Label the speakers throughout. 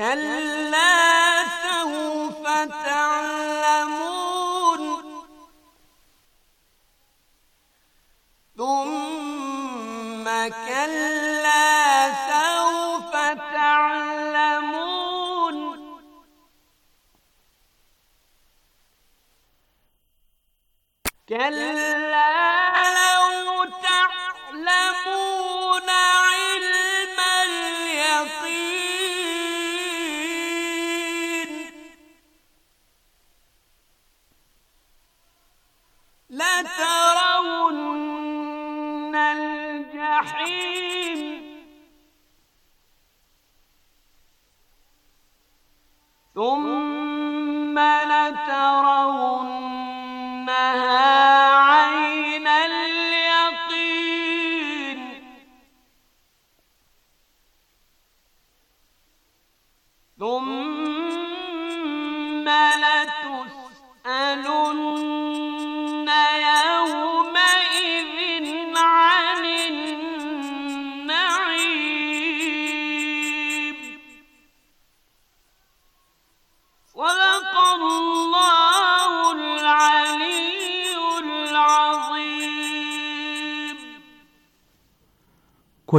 Speaker 1: كلا نارا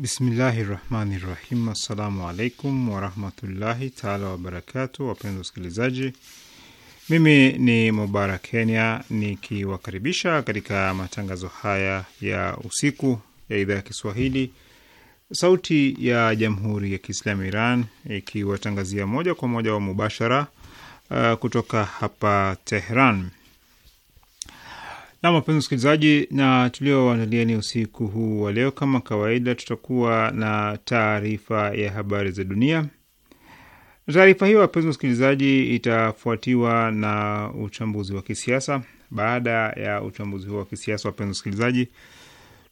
Speaker 2: Bismillahi rahmani rahim. Assalamu alaikum warahmatullahi taala wabarakatu. Wapenzi wasikilizaji, mimi ni Mubarak Kenya nikiwakaribisha katika matangazo haya ya usiku ya idhaa ya Kiswahili sauti ya jamhuri ya Kiislamu Iran ikiwatangazia moja kwa moja wa mubashara uh, kutoka hapa Tehran. Na wapenzi msikilizaji, na tulioandaliani usiku huu wa leo, kama kawaida, tutakuwa na taarifa ya habari za dunia. Taarifa hiyo wapenzi msikilizaji, itafuatiwa na uchambuzi wa kisiasa. Baada ya uchambuzi huo wa kisiasa, wapenzi msikilizaji,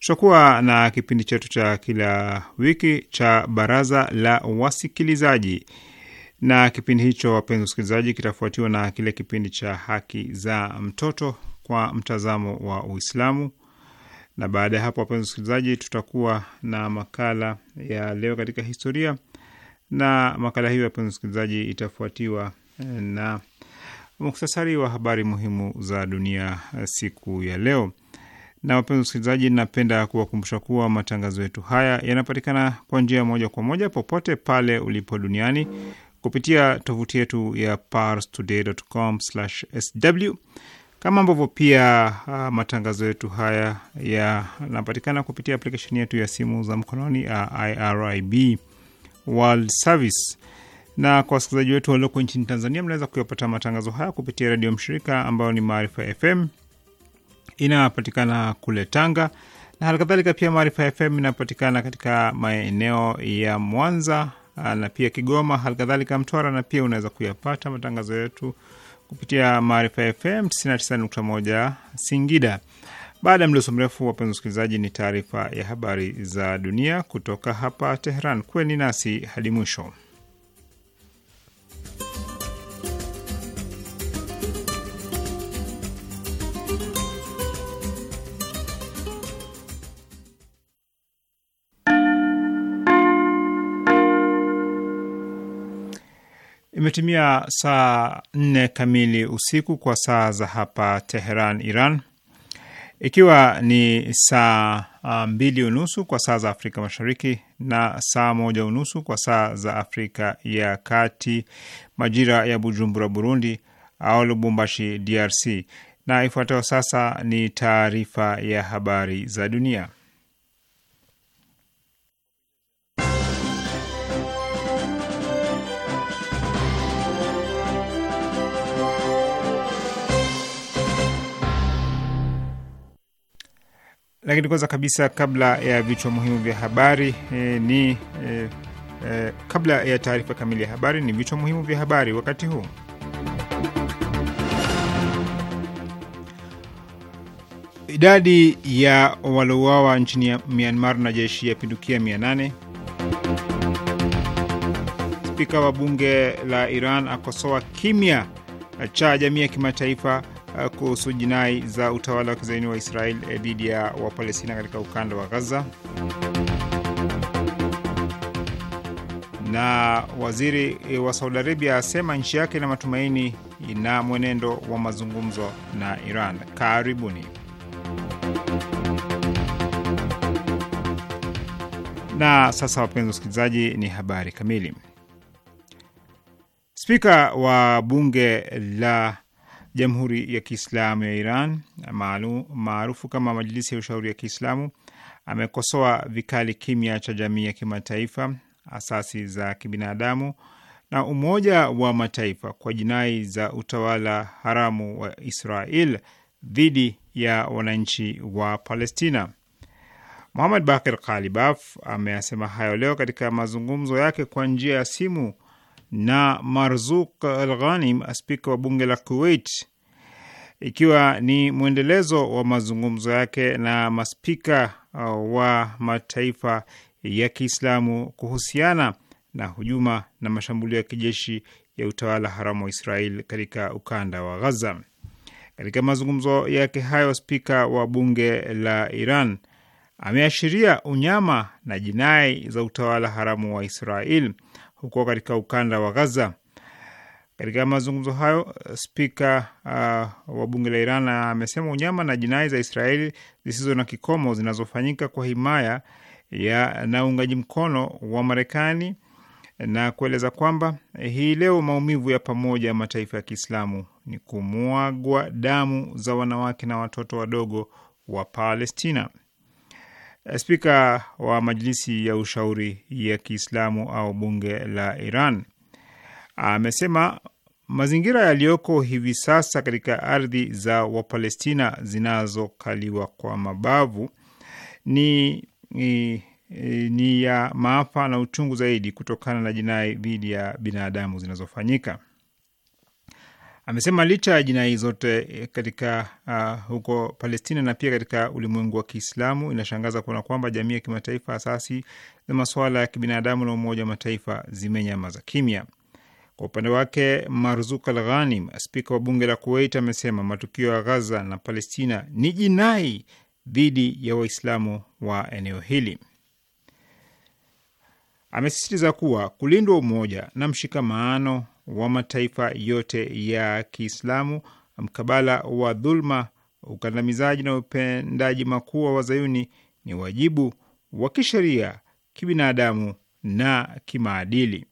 Speaker 2: tutakuwa na kipindi chetu cha kila wiki cha baraza la wasikilizaji, na kipindi hicho wapenzi msikilizaji, kitafuatiwa na kile kipindi cha haki za mtoto kwa mtazamo wa Uislamu. Na baada ya hapo, wapenzi wasikilizaji, tutakuwa na makala ya leo katika historia, na makala hiyo wapenzi wasikilizaji, itafuatiwa eh, na muktasari wa habari muhimu za dunia eh, siku ya leo. Na wapenzi wasikilizaji, napenda kuwakumbusha kuwa matangazo yetu haya yanapatikana kwa njia moja kwa moja popote pale ulipo duniani kupitia tovuti yetu ya parstoday.com/sw kama ambavyo pia uh, matangazo yetu haya yanapatikana kupitia aplikesheni yetu ya simu za mkononi uh, ah, IRIB World Service. Na kwa wasikilizaji wetu walioko nchini Tanzania, mnaweza kuyapata matangazo haya kupitia redio mshirika ambayo ni Maarifa FM, inapatikana kule Tanga na halikadhalika pia Maarifa FM inapatikana katika maeneo ya Mwanza ah, na pia Kigoma, halikadhalika Mtwara, na pia unaweza kuyapata matangazo yetu kupitia Maarifa FM 99.1 Singida. Baada ya mdoso mrefu, wapenzi wasikilizaji, ni taarifa ya habari za dunia kutoka hapa teheran kweni nasi hadi mwisho. Imetimia saa nne kamili usiku kwa saa za hapa Teheran, Iran, ikiwa ni saa ah, mbili unusu kwa saa za Afrika Mashariki na saa moja unusu kwa saa za Afrika ya Kati, majira ya Bujumbura, Burundi, au Lubumbashi, DRC. Na ifuatayo sasa ni taarifa ya habari za dunia. Lakini kwanza kabisa, kabla ya vichwa muhimu vya habari e, ni e, e, kabla ya taarifa kamili ya habari ni vichwa muhimu vya habari wakati huu. Idadi ya walouawa nchini Myanmar na jeshi yapindukia mia nane. Spika wa bunge la Iran akosoa kimya cha jamii ya kimataifa Eh, kuhusu jinai za utawala wa kizaini wa Israel eh, dhidi ya Wapalestina katika ukanda wa Gaza, na waziri eh, wa Saudi Arabia asema nchi yake ina matumaini na mwenendo wa mazungumzo na Iran. Karibuni. Na sasa, wapenzi wasikilizaji, ni habari kamili. Spika wa bunge la Jamhuri ya Kiislamu ya Iran maarufu kama Majlisi ya Ushauri ya Kiislamu amekosoa vikali kimya cha jamii ya kimataifa, asasi za kibinadamu na Umoja wa Mataifa kwa jinai za utawala haramu wa Israel dhidi ya wananchi wa Palestina. muhamad Bakir Kalibaf ameyasema hayo leo katika mazungumzo yake kwa njia ya simu na Marzuk Al-Ghanim, spika wa bunge la Kuwait, ikiwa ni mwendelezo wa mazungumzo yake na maspika uh, wa mataifa ya Kiislamu kuhusiana na hujuma na mashambulio ya kijeshi ya utawala haramu wa Israel katika ukanda wa Gaza. Katika mazungumzo yake hayo, spika wa bunge la Iran ameashiria unyama na jinai za utawala haramu wa Israel huko katika ukanda wa Gaza. Katika mazungumzo hayo, spika uh, wa bunge la Iran amesema unyama na jinai za Israeli zisizo na kikomo zinazofanyika kwa himaya ya na uungaji mkono wa Marekani na kueleza kwamba hii leo maumivu ya pamoja ya mataifa ya Kiislamu ni kumwagwa damu za wanawake na watoto wadogo wa Palestina. Eh, spika wa majlisi ya ushauri ya Kiislamu au bunge la Iran amesema mazingira yaliyoko hivi sasa katika ardhi za Wapalestina zinazokaliwa kwa mabavu ni, ni, ni ya maafa na uchungu zaidi kutokana na jinai dhidi ya binadamu zinazofanyika. Amesema licha ya jinai zote eh, katika uh, huko Palestina na pia katika ulimwengu wa Kiislamu, inashangaza kuona kwamba jamii ya kimataifa, asasi za masuala ya kibinadamu na Umoja wa Mataifa zimenyamaza kimya. Kwa upande wake, Marzuk Al Ghanim, spika wa bunge la Kuwait, amesema matukio ya Ghaza na Palestina ni jinai dhidi ya Waislamu wa eneo hili. Amesisitiza kuwa kulindwa umoja na mshikamano wa mataifa yote ya Kiislamu mkabala wa dhulma, ukandamizaji na upendaji makuu wa wazayuni ni wajibu wa kisheria, kibinadamu na kimaadili.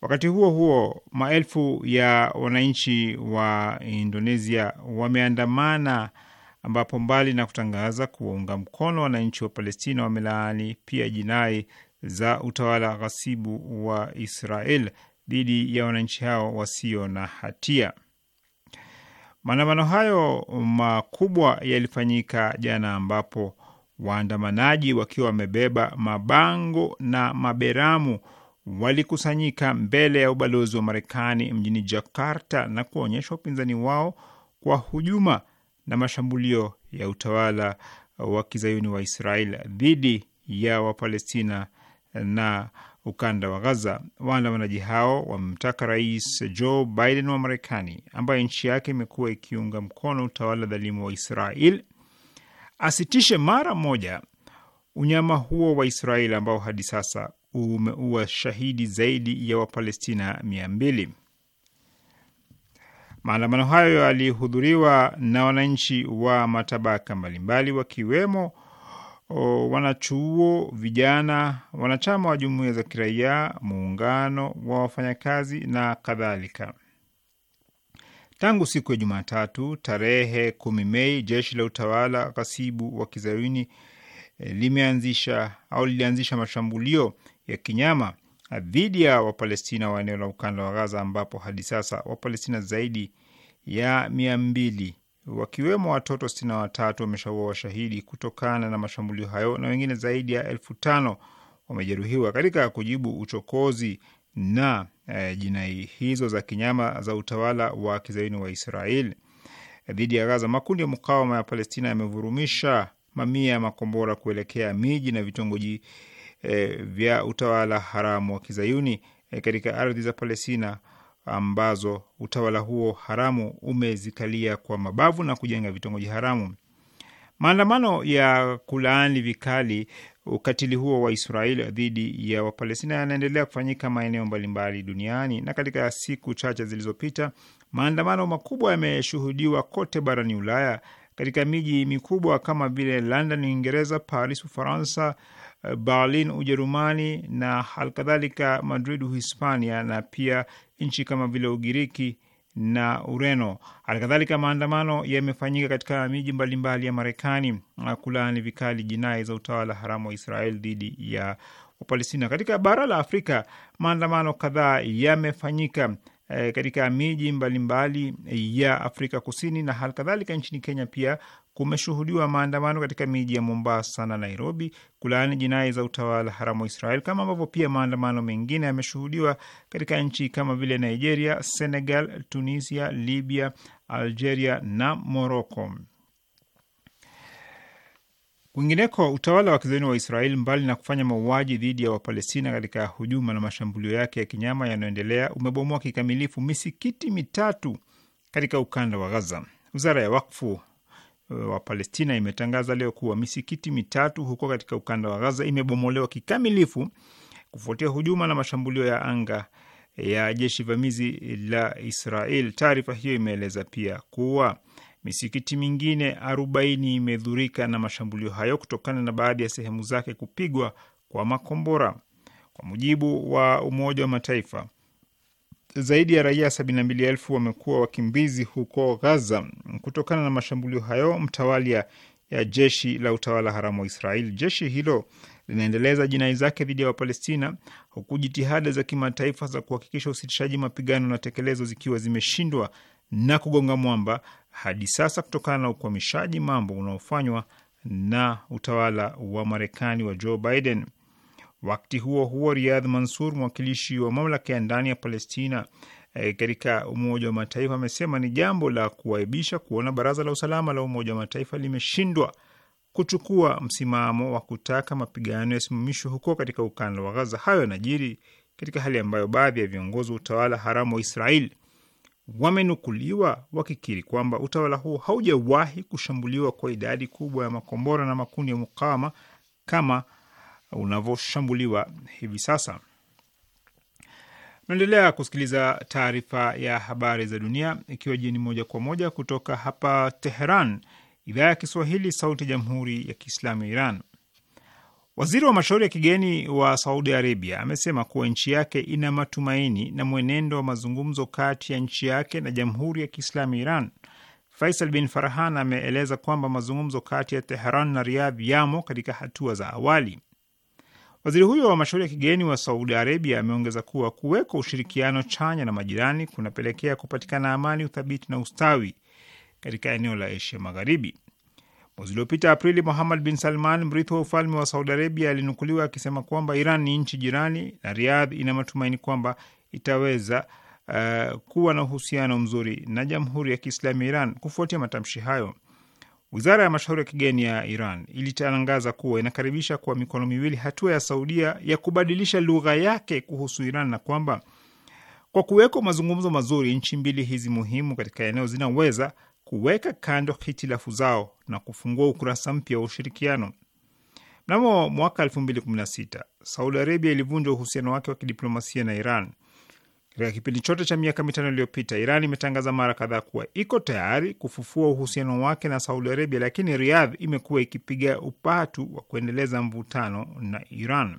Speaker 2: Wakati huo huo, maelfu ya wananchi wa Indonesia wameandamana ambapo mbali na kutangaza kuwaunga mkono wananchi wa Palestina, wamelaani pia jinai za utawala ghasibu wa Israel dhidi ya wananchi hao wasio na hatia. Maandamano hayo makubwa yalifanyika jana, ambapo waandamanaji wakiwa wamebeba mabango na maberamu walikusanyika mbele ya ubalozi wa Marekani mjini Jakarta na kuonyesha upinzani wao kwa hujuma na mashambulio ya utawala wa kizayuni wa Israel dhidi ya Wapalestina na ukanda wa Gaza. Waandamanaji hao wamemtaka Rais Joe Biden wa Marekani, ambaye nchi yake imekuwa ikiunga mkono utawala dhalimu wa Israel, asitishe mara moja unyama huo wa Israel ambao hadi sasa umeua shahidi zaidi ya Wapalestina mia mbili. Maandamano hayo yalihudhuriwa na wananchi wa matabaka mbalimbali wakiwemo wanachuo, vijana, wanachama wa jumuiya za kiraia, muungano wa wafanyakazi na kadhalika. Tangu siku ya Jumatatu tarehe kumi Mei, jeshi la utawala kasibu wa kizayuni eh, limeanzisha au lilianzisha mashambulio ya kinyama dhidi ya Wapalestina wa eneo la ukanda wa Gaza, ambapo hadi sasa Wapalestina zaidi ya mia mbili wakiwemo watoto sitini na watatu wameshaua washahidi kutokana na mashambulio hayo na wengine zaidi ya elfu tano wamejeruhiwa. Katika kujibu uchokozi na e, jinai hizo za kinyama za utawala wa kizaini wa Israel dhidi ya Gaza, makundi ya mukawama ya Palestina yamevurumisha mamia ya makombora kuelekea miji na vitongoji e, vya utawala haramu wa kizayuni e, katika ardhi za Palestina ambazo utawala huo haramu umezikalia kwa mabavu na kujenga vitongoji haramu. Maandamano ya kulaani vikali ukatili huo wa Israel dhidi ya Wapalestina yanaendelea kufanyika maeneo mbalimbali duniani, na katika siku chache zilizopita maandamano makubwa yameshuhudiwa kote barani Ulaya, katika miji mikubwa kama vile London, Uingereza, Paris, Ufaransa, eh, Berlin, Ujerumani na halikadhalika Madrid, Uhispania, na pia nchi kama vile Ugiriki na Ureno. Halikadhalika, maandamano yamefanyika katika miji mbalimbali ya Marekani kulaani vikali jinai za utawala haramu wa Israel dhidi ya Wapalestina. Katika bara la Afrika, maandamano kadhaa yamefanyika e, katika miji mbalimbali ya Afrika Kusini na halikadhalika nchini Kenya pia kumeshuhudiwa maandamano katika miji ya Mombasa na Nairobi kulaani jinai za utawala haramu wa Israel, kama ambavyo pia maandamano mengine yameshuhudiwa katika nchi kama vile Nigeria, Senegal, Tunisia, Libya, Algeria na Moroko. Kwingineko, utawala wa kizayuni wa Israel, mbali na kufanya mauaji dhidi ya Wapalestina katika hujuma na mashambulio yake ya kinyama yanayoendelea, umebomoa kikamilifu misikiti mitatu katika ukanda wa Gaza. Wizara ya Wakfu Eh, wa Palestina imetangaza leo kuwa misikiti mitatu huko katika ukanda wa Gaza imebomolewa kikamilifu kufuatia hujuma na mashambulio ya anga ya jeshi vamizi la Israel. Taarifa hiyo imeeleza pia kuwa misikiti mingine arobaini imedhurika na mashambulio hayo kutokana na baadhi ya sehemu zake kupigwa kwa makombora. Kwa mujibu wa Umoja wa Mataifa, zaidi ya raia 72,000 wamekuwa wakimbizi huko Gaza kutokana na mashambulio hayo mtawalia ya jeshi la utawala haramu wa Israeli. Jeshi hilo linaendeleza jinai zake dhidi ya Wapalestina huku jitihada za kimataifa za kuhakikisha usitishaji mapigano na tekelezo zikiwa zimeshindwa na kugonga mwamba hadi sasa kutokana na ukwamishaji mambo unaofanywa na utawala wa Marekani wa Joe Biden. Wakati huo huo, Riyadh Mansur, mwakilishi wa mamlaka ya ndani ya Palestina e, katika Umoja wa Mataifa, amesema ni jambo la kuwaibisha kuona Baraza la Usalama la Umoja wa Mataifa limeshindwa kuchukua msimamo wa kutaka mapigano yasimamishwe huko katika ukanda wa Gaza. Hayo yanajiri katika hali ambayo baadhi ya viongozi wa utawala haramu wa Israel wamenukuliwa wakikiri kwamba utawala huo haujawahi kushambuliwa kwa idadi kubwa ya makombora na makundi ya mukawama kama unavyoshambuliwa hivi sasa. Naendelea kusikiliza taarifa ya habari za dunia ikiwa jini moja kwa moja kutoka hapa Teheran, idhaa ya Kiswahili, sauti ya jamhuri ya kiislamu ya Iran. Waziri wa mashauri ya kigeni wa Saudi Arabia amesema kuwa nchi yake ina matumaini na mwenendo wa mazungumzo kati ya nchi yake na jamhuri ya kiislamu ya Iran. Faisal bin Farhan ameeleza kwamba mazungumzo kati ya Teheran na Riyadh yamo katika hatua za awali. Waziri huyo wa mashauri ya kigeni wa Saudi Arabia ameongeza kuwa kuwekwa ushirikiano chanya na majirani kunapelekea kupatikana amani, uthabiti na ustawi katika eneo la Asia Magharibi. Mwezi uliopita Aprili, Muhammad bin Salman, mrithi wa ufalme wa Saudi Arabia, alinukuliwa akisema kwamba Iran ni nchi jirani na Riadh ina matumaini kwamba itaweza uh, kuwa na uhusiano mzuri na Jamhuri ya Kiislamu ya Iran. Kufuatia matamshi hayo, Wizara ya mashauri ya kigeni ya Iran ilitangaza kuwa inakaribisha kwa mikono miwili hatua ya Saudia ya kubadilisha lugha yake kuhusu Iran na kwamba kwa kuwekwa mazungumzo mazuri, nchi mbili hizi muhimu katika eneo zinaweza kuweka kando hitilafu zao na kufungua ukurasa mpya wa ushirikiano. Mnamo mwaka 2016 Saudi Arabia ilivunja uhusiano wake wa kidiplomasia na Iran katika kipindi chote cha miaka mitano iliyopita, Iran imetangaza mara kadhaa kuwa iko tayari kufufua uhusiano wake na Saudi Arabia, lakini Riyadh imekuwa ikipiga upatu wa kuendeleza mvutano na Iran.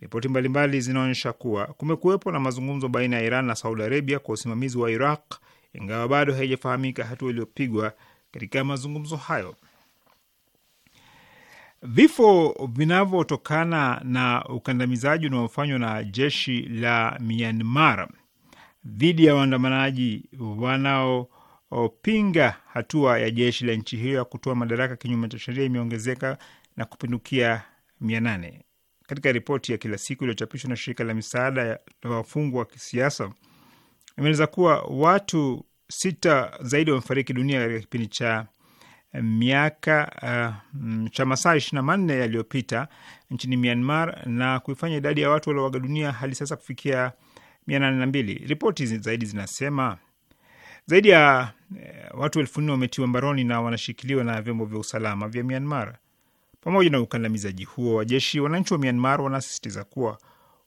Speaker 2: Ripoti mbalimbali zinaonyesha kuwa kumekuwepo na mazungumzo baina ya Iran na Saudi Arabia kwa usimamizi wa Iraq, ingawa bado haijafahamika hatua iliyopigwa katika mazungumzo hayo. Vifo vinavyotokana na ukandamizaji unaofanywa na jeshi la Myanmar dhidi ya waandamanaji wanaopinga hatua ya jeshi la nchi hiyo ya kutoa madaraka kinyume cha sheria imeongezeka na kupindukia mia nane. Katika ripoti ya kila siku iliyochapishwa na shirika la misaada la wafungwa wa kisiasa imeeleza kuwa watu sita zaidi wamefariki dunia katika kipindi cha miaka uh, cha masaa ishirini na manne yaliyopita nchini Myanmar na kuifanya idadi ya watu walioaga dunia hadi sasa kufikia mia nane na mbili. Ripoti zaidi zinasema zaidi ya uh, watu elfu nne wametiwa mbaroni na wanashikiliwa na vyombo vya usalama vya Myanmar. Pamoja na ukandamizaji huo wa jeshi, wananchi wa Myanmar wanasisitiza kuwa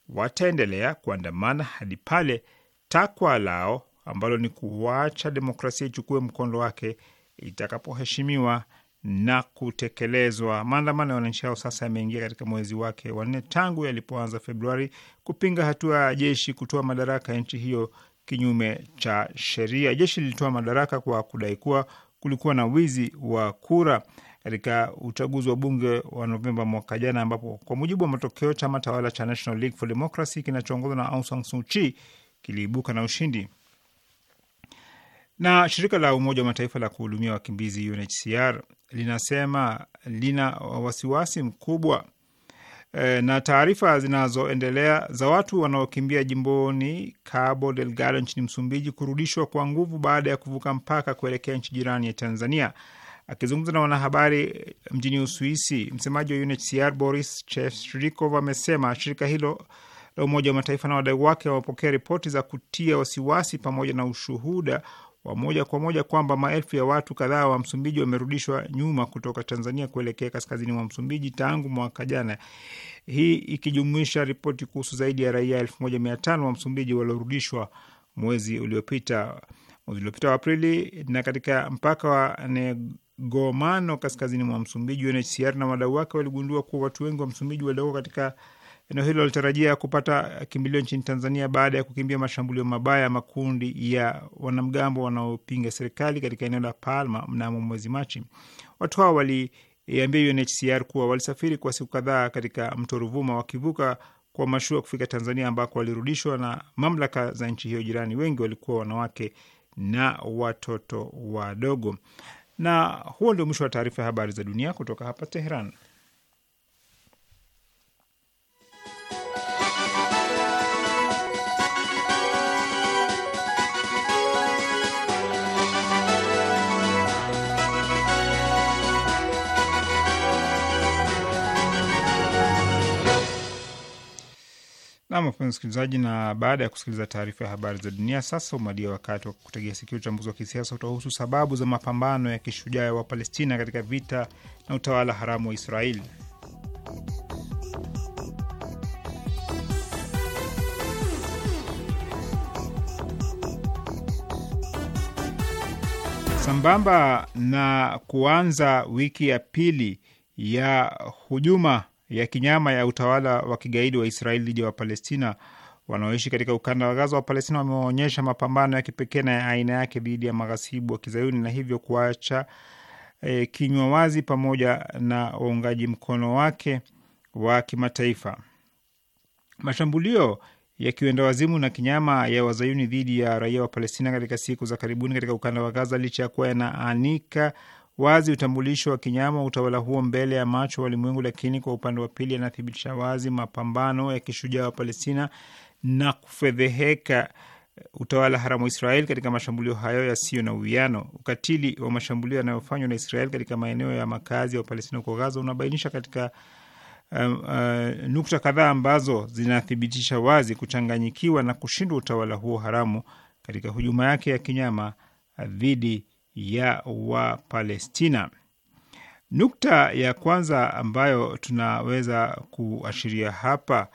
Speaker 2: wataendelea kuandamana hadi pale takwa lao ambalo ni kuwacha demokrasia ichukue mkondo wake itakapoheshimiwa na kutekelezwa. Maandamano ya wananchi hao sasa yameingia katika mwezi wake wa nne tangu yalipoanza Februari kupinga hatua ya jeshi kutoa madaraka ya nchi hiyo kinyume cha sheria. Jeshi lilitoa madaraka kwa kudai kuwa kulikuwa na wizi wa kura katika uchaguzi wa bunge wa Novemba mwaka jana, ambapo kwa mujibu wa matokeo chama tawala cha National League for Democracy kinachoongozwa na Aung San Suu Kyi kiliibuka na ushindi. Na shirika la Umoja wa Mataifa la kuhudumia wakimbizi UNHCR linasema lina wasiwasi mkubwa e, na taarifa zinazoendelea za watu wanaokimbia jimboni Cabo Delgado nchini Msumbiji kurudishwa kwa nguvu baada ya kuvuka mpaka kuelekea nchi jirani ya Tanzania. Akizungumza na wanahabari eh, mjini Uswisi, msemaji wa UNHCR Boris Cheshrikov amesema shirika hilo la Umoja wa Mataifa na wadau wake wamepokea ripoti za kutia wasiwasi pamoja na ushuhuda wa moja kwa moja kwamba maelfu ya watu kadhaa wa Msumbiji wamerudishwa nyuma kutoka Tanzania kuelekea kaskazini mwa Msumbiji tangu mwaka jana, hii ikijumuisha ripoti kuhusu zaidi ya raia elfu moja mia tano wa Msumbiji waliorudishwa mwezi uliopita mwezi uliopita wa Aprili. Na katika mpaka wa Negomano kaskazini mwa Msumbiji, UNHCR na wadau wake waligundua kuwa watu wengi wa Msumbiji walioko katika eneo hilo alitarajia kupata kimbilio nchini Tanzania baada ya kukimbia mashambulio mabaya ya makundi ya wanamgambo wanaopinga serikali katika eneo la Palma mnamo mwezi Machi. Watu hao waliambia UNHCR kuwa walisafiri kwa siku kadhaa katika mto Ruvuma wakivuka kwa mashua kufika Tanzania ambako walirudishwa na mamlaka za nchi hiyo jirani. Wengi walikuwa wanawake na watoto wadogo. Na huo ndio mwisho wa taarifa ya habari za dunia kutoka hapa Teheran. Nam wapema msikilizaji, na baada ya kusikiliza taarifa ya habari za dunia, sasa umadia wakati wa kutegea sikio. Uchambuzi wa kisiasa utahusu sababu za mapambano ya kishujaa wa Palestina katika vita na utawala haramu wa Israeli. Sambamba na kuanza wiki ya pili ya hujuma ya kinyama ya utawala wa kigaidi wa Israeli dhidi ya Wapalestina wanaoishi katika ukanda wa Gaza. Wapalestina wameonyesha mapambano ya kipekee na ya aina yake dhidi ya maghasibu wa kizayuni na hivyo kuacha e, kinywa wazi pamoja na waungaji mkono wake wa kimataifa. Mashambulio ya kiwenda wazimu na kinyama ya wazayuni dhidi ya raia wa Palestina katika siku za karibuni katika ukanda wa Gaza, licha ya kuwa yanaanika wazi utambulisho wa kinyama utawala huo mbele ya macho walimwengu, lakini kwa upande wa pili anathibitisha wazi mapambano ya kishujaa wa Palestina na kufedheheka uh, utawala haramu wa Israel katika mashambulio hayo yasiyo na uwiano. Ukatili wa mashambulio yanayofanywa na Israel katika maeneo ya makazi ya Wapalestina huko Gaza unabainisha katika um, uh, nukta kadhaa ambazo zinathibitisha wazi kuchanganyikiwa na kushindwa utawala huo haramu katika hujuma yake ya kinyama uh, dhidi ya Wapalestina. Nukta ya kwanza ambayo tunaweza kuashiria hapa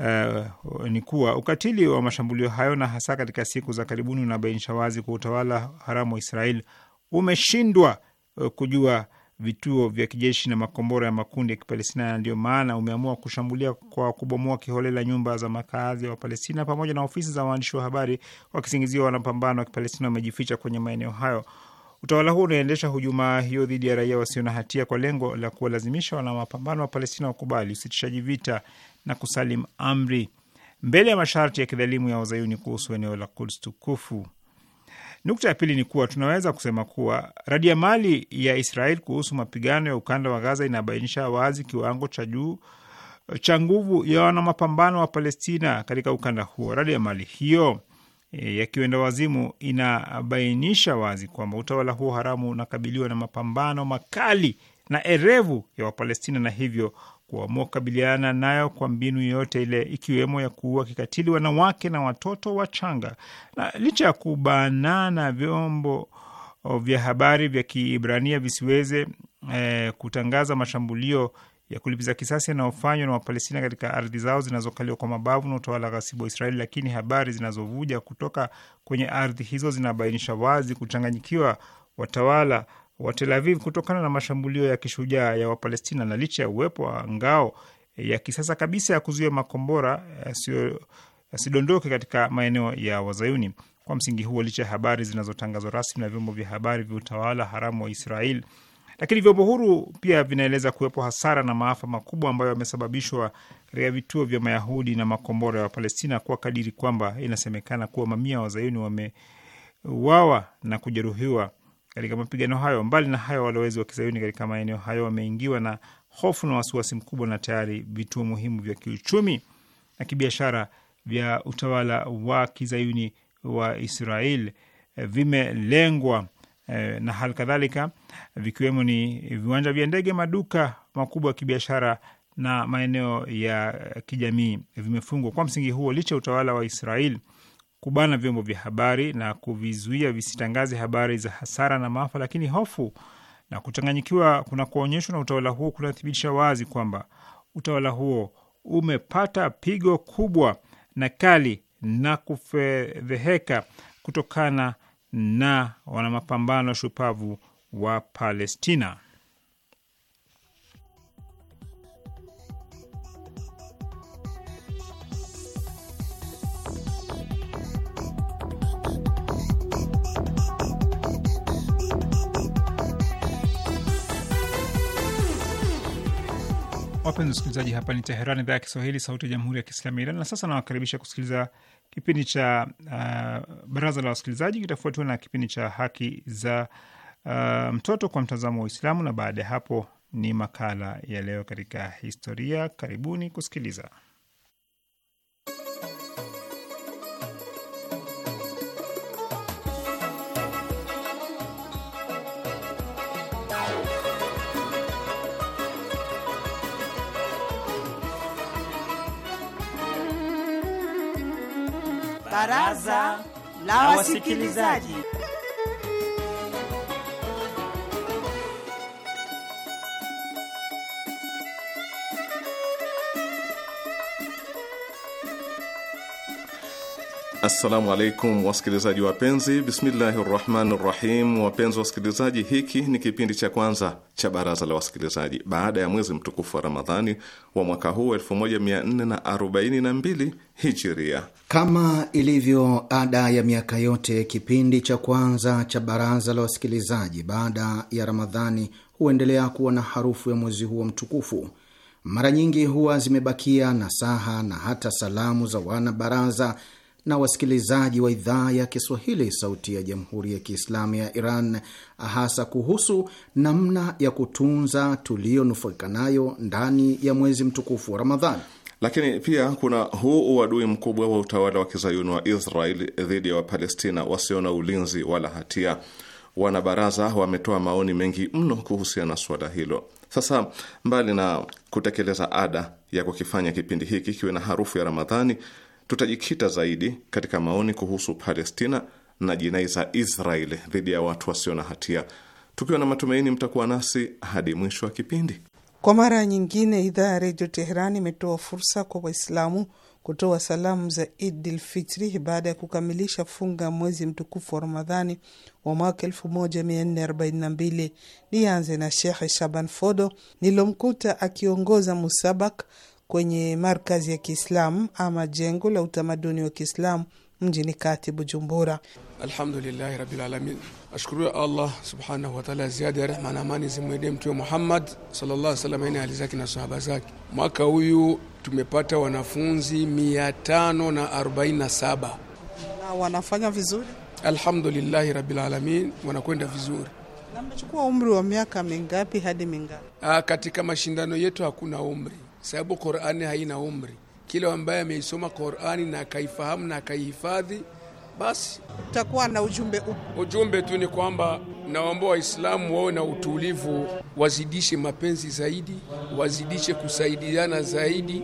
Speaker 2: Uh, ni kuwa ukatili wa mashambulio hayo na hasa katika siku za karibuni unabainisha wazi kwa utawala haramu wa Israel umeshindwa uh, kujua vituo vya kijeshi na makombora ya makundi ya Kipalestina, na ndiyo maana umeamua kushambulia kwa kubomoa kiholela nyumba za makazi ya Wapalestina pamoja na ofisi za waandishi wa habari, wakisingiziwa wanapambano wa Kipalestina wamejificha kwenye maeneo hayo. Utawala huo unaendesha hujuma hiyo dhidi ya raia wasio na hatia kwa lengo la kuwalazimisha wanamapambano wa Palestina wakubali usitishaji vita na kusalim amri mbele ya masharti ya kidhalimu ya Wazayuni kuhusu eneo la Kuds tukufu. Nukta ya pili ni kuwa tunaweza kusema kuwa radi ya Israel kuhusu mapigano ya ukanda wa Gaza inabainisha wazi kiwango cha juu cha nguvu ya mapambano wa Palestina katika ukanda huo. radi ya mali hiyo e, ya kiwenda wazimu inabainisha wazi kwamba utawala huo haramu unakabiliwa na mapambano makali na erevu ya Wapalestina na hivyo kuamua kukabiliana nayo kwa mbinu yoyote ile ikiwemo ya kuua kikatili wanawake na watoto wachanga. Na licha ya kubanana vyombo vya habari vya Kiibrania visiweze eh, kutangaza mashambulio ya kulipiza kisasi yanayofanywa na Wapalestina katika ardhi zao zinazokaliwa kwa mabavu na utawala ghasibu wa Israeli, lakini habari zinazovuja kutoka kwenye ardhi hizo zinabainisha wazi kuchanganyikiwa watawala wa Tel Aviv kutokana na mashambulio ya kishujaa ya Wapalestina, na licha ya uwepo wa ngao ya kisasa kabisa ya kuzuia makombora yasidondoke eh, eh, katika maeneo ya Wazayuni. Kwa msingi huo, licha ya habari zinazotangazwa rasmi na vyombo vya habari vya utawala haramu wa Israel, lakini vyombo huru pia vinaeleza kuwepo hasara na maafa makubwa ambayo yamesababishwa katika vituo vya Mayahudi na makombora ya Wapalestina, kwa kadiri kwamba inasemekana kuwa mamia Wazayuni wameuawa na kujeruhiwa katika mapigano hayo. Mbali na hayo, walowezi wa kizayuni katika maeneo hayo wameingiwa na hofu na wasiwasi mkubwa, na tayari vituo muhimu vya kiuchumi na kibiashara vya utawala wa kizayuni wa Israel eh, vimelengwa eh, na hali kadhalika, vikiwemo ni viwanja vya ndege, maduka makubwa ya kibiashara na maeneo ya kijamii vimefungwa. Kwa msingi huo, licha ya utawala wa Israel kubana vyombo vya habari na kuvizuia visitangaze habari za hasara na maafa, lakini hofu na kuchanganyikiwa kuonyeshwa na utawala huo kunathibitisha wazi kwamba utawala huo umepata pigo kubwa na kali na kufedheheka kutokana na wanamapambano shupavu wa Palestina. wapenzi wasikilizaji, hapa ni teheran idhaa ya Kiswahili, sauti ya jamhuri ya kiislami ya Iran. Na sasa nawakaribisha kusikiliza kipindi cha uh, baraza la wasikilizaji, kitafuatiwa na kipindi cha haki za uh, mtoto kwa mtazamo wa Uislamu, na baada ya hapo ni makala ya leo katika historia. Karibuni kusikiliza.
Speaker 3: Baraza la Wasikilizaji.
Speaker 4: Assalamu alaikum wasikilizaji wapenzi, bismillahi rahmani rahim. Wapenzi wasikilizaji, hiki ni kipindi cha kwanza cha baraza la wasikilizaji baada ya mwezi mtukufu wa Ramadhani wa mwaka huu 1442 Hijiria.
Speaker 5: Kama ilivyo ada ya miaka yote, kipindi cha kwanza cha baraza la wasikilizaji baada ya Ramadhani huendelea kuwa na harufu ya mwezi huo mtukufu. Mara nyingi huwa zimebakia nasaha na hata salamu za wanabaraza na wasikilizaji wa idhaa ya Kiswahili sauti ya Jamhuri ya Kiislamu ya Iran, hasa kuhusu namna ya kutunza tuliyonufaika nayo ndani ya mwezi mtukufu wa Ramadhani.
Speaker 4: Lakini pia kuna huu uadui mkubwa wa utawala wa kizayuni wa Israel dhidi ya Wapalestina wasio na ulinzi wala hatia. Wanabaraza wametoa maoni mengi mno kuhusiana na suala hilo. Sasa, mbali na kutekeleza ada ya kukifanya kipindi hiki kiwe na harufu ya Ramadhani, Tutajikita zaidi katika maoni kuhusu Palestina na jinai za Israeli dhidi ya watu wasio na hatia, tukiwa na matumaini mtakuwa nasi hadi mwisho wa kipindi.
Speaker 6: Kwa mara nyingine, idhaa ya redio teheran imetoa fursa kwa Waislamu kutoa salamu za Idil Fitri baada ya kukamilisha funga mwezi mtukufu wa Ramadhani wa mwaka ni Nianze na Shekhe Shaban Fodo nilomkuta akiongoza musabak kwenye markazi ya Kiislamu ama jengo la utamaduni wa Kiislamu mjini kati Bujumbura.
Speaker 7: Alhamdulillahi rabbil alamin, ashukuru Allah subhanahu wa ta'ala, ziada ya rehma na amani zimwendee Mtume Muhammad sallallahu alaihi wasallam, aina hali zake na sahaba zake. Mwaka huyu tumepata wanafunzi mia tano na na saba wanafanya vizuri alhamdulillahi rabbil alamin, wanakwenda vizuri.
Speaker 6: Na mechukua umri wa miaka mingapi hadi mingapi?
Speaker 7: Ah, katika mashindano yetu hakuna umri sababu Qur'ani haina umri. Kila ambaye ameisoma Qur'ani na akaifahamu na akaihifadhi, basi utakuwa na ujumbe upi? Ujumbe tu ni kwamba naomba Waislamu wawe na utulivu, wazidishe mapenzi zaidi, wazidishe kusaidiana zaidi,